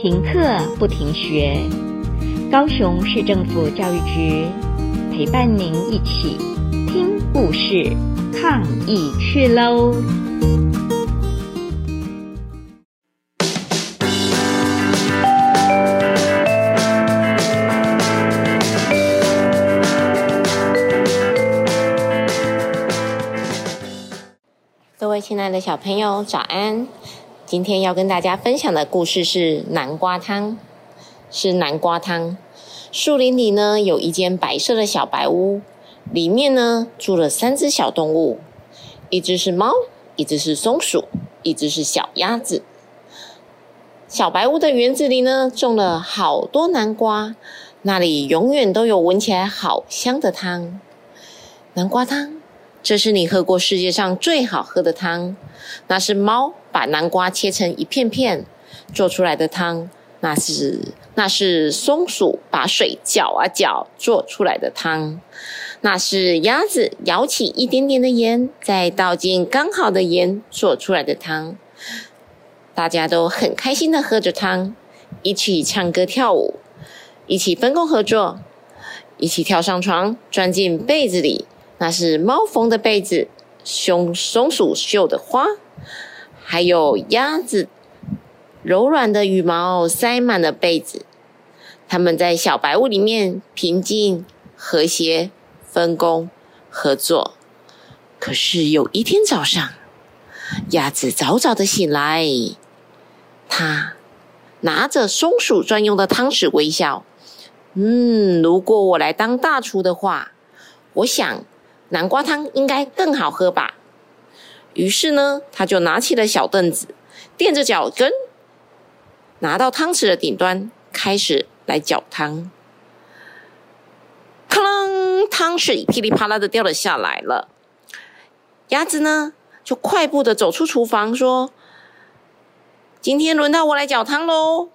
停課不停學，高雄市政府教育局陪伴您一起聽故事、抗疫去嘍！各位親愛的小朋友，早安！今天要跟大家分享的故事是南瓜湯。是南瓜湯。樹林裡呢，有一間白色的小白屋，裡面呢住了三隻小動物，一隻是貓，一隻是松鼠，一隻是小鴨子。小白屋的園子裡呢，種了好多南瓜，那裡永遠都有聞起來好香的湯。南瓜湯。這是你喝過世界上最好喝的湯，那是貓把南瓜切成一片片做出來的湯，那是那是松鼠把水攪啊攪做出來的湯，那是鴨子舀起一點點的鹽，再倒進剛好的鹽做出來的湯。大家都很開心的喝着湯，一起唱歌跳舞，一起分工合作，一起跳上床，鑽進被子裡。那是貓縫的被子，熊松鼠繡的花，還有鴨子柔軟的羽毛塞滿了被子。它們在小白屋裡面平靜、和諧、分工合作。可是有一天早上，鴨子早早的醒來，它拿着松鼠專用的湯匙微笑。嗯，如果我來當大廚的話，我想。南瓜湯應該更好喝吧？於是呢，他就拿起了小凳子，踮着腳跟，拿到湯匙的頂端，開始來攪湯。哐啷！湯匙噼里啪啦的掉了下來了。鴨子呢，就快步的走出廚房，說：“今天輪到我來攪湯嘍！”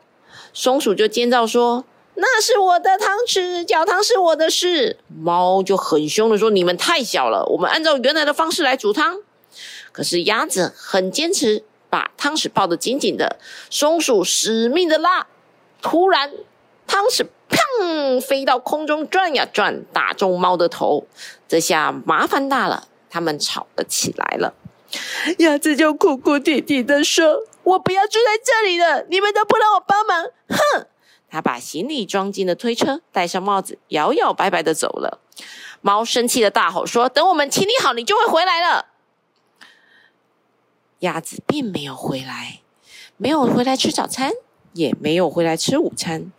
松鼠就尖叫說，那是我的湯匙，攪湯是我的事。貓就很兇的說：“你們太小了，我們按照原來的方式來煮湯。”可是鴨子很堅持，把湯匙抱得緊緊的。松鼠死命的拉，突然湯匙砰飛到空中轉呀轉，打中貓的頭。這下麻煩大了，他們吵了起來了。鴨子就哭哭啼啼的說：“我不要住在這裡了，你們都不讓我幫忙，哼！”他把行李裝進了推車，戴上帽子，搖搖擺擺的走了。貓生氣的大吼說：“等我們清理好，你就會回來了。”鴨子並沒有回來，沒有回來吃早餐，也沒有回來吃午餐。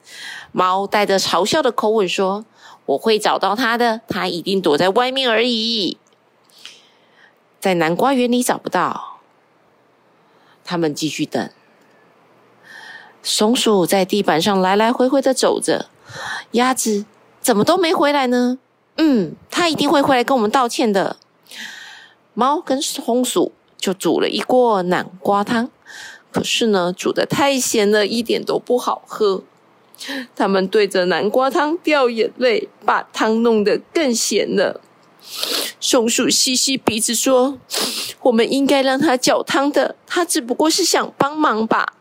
貓帶着嘲笑的口吻說：“我會找到他的，他一定躲在外面而已。”在南瓜園裡找不到，他們繼續等。松鼠在地板上來來回回的走着，鴨子怎麼都沒回來呢？嗯，它一定會回來跟我們道歉的。貓跟松鼠就煮了一鍋南瓜湯，可是呢，煮的太鹹了，一點都不好喝。他們對着南瓜湯掉眼淚，把湯弄得更鹹了。松鼠吸吸鼻子說：“我們應該讓他攪湯的，他只不過是想幫忙吧。”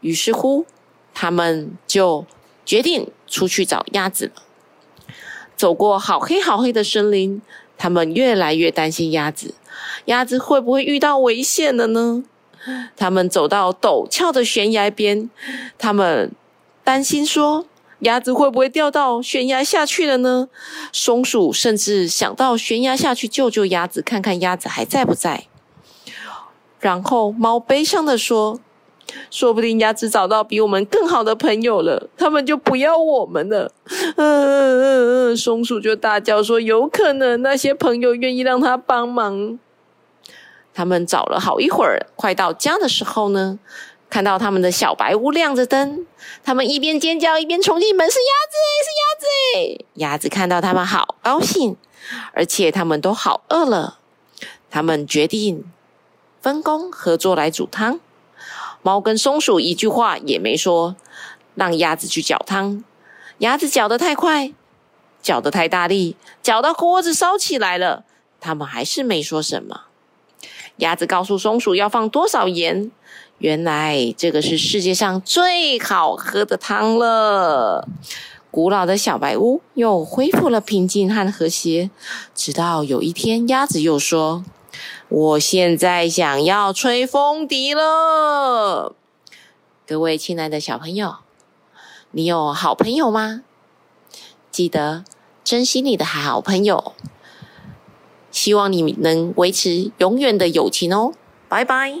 於是乎，他們就決定出去找鴨子了。走過好黑好黑的森林，他們越來越擔心鴨子，鴨子會不會遇到危險了呢？他們走到陡峭的懸崖邊，他們擔心說鴨子會不會掉到懸崖下去了呢？松鼠甚至想到懸崖下去救救鴨子，看看鴨子還在不在。然後貓悲傷地說。說不定鴨子找到比我們更好的朋友了，他們就不要我們了。嗯、啊，松鼠就大叫說：“有可能那些朋友願意讓他幫忙。”他們找了好一會兒，快到家的時候呢，看到他們的小白屋亮着燈，他們一邊尖叫一邊衝進門：“是鴨子！是鴨子！”鴨子看到他們，好高興，而且他們都好餓了。他們決定分工合作來煮湯。貓跟松鼠一句話也沒說，讓鴨子去攪湯。鴨子攪得太快，攪得太大力，攪到鍋子燒起來了。他們還是沒說什麼。鴨子告訴松鼠要放多少鹽。原來這個是世界上最好喝的湯了。古老的小白屋又恢復了平靜和和諧。直到有一天，鴨子又說。我現在想要吹風笛了。各位親愛的小朋友，你有好朋友嗎？記得珍惜你的好朋友，希望你能維持永遠的友情哦。拜拜。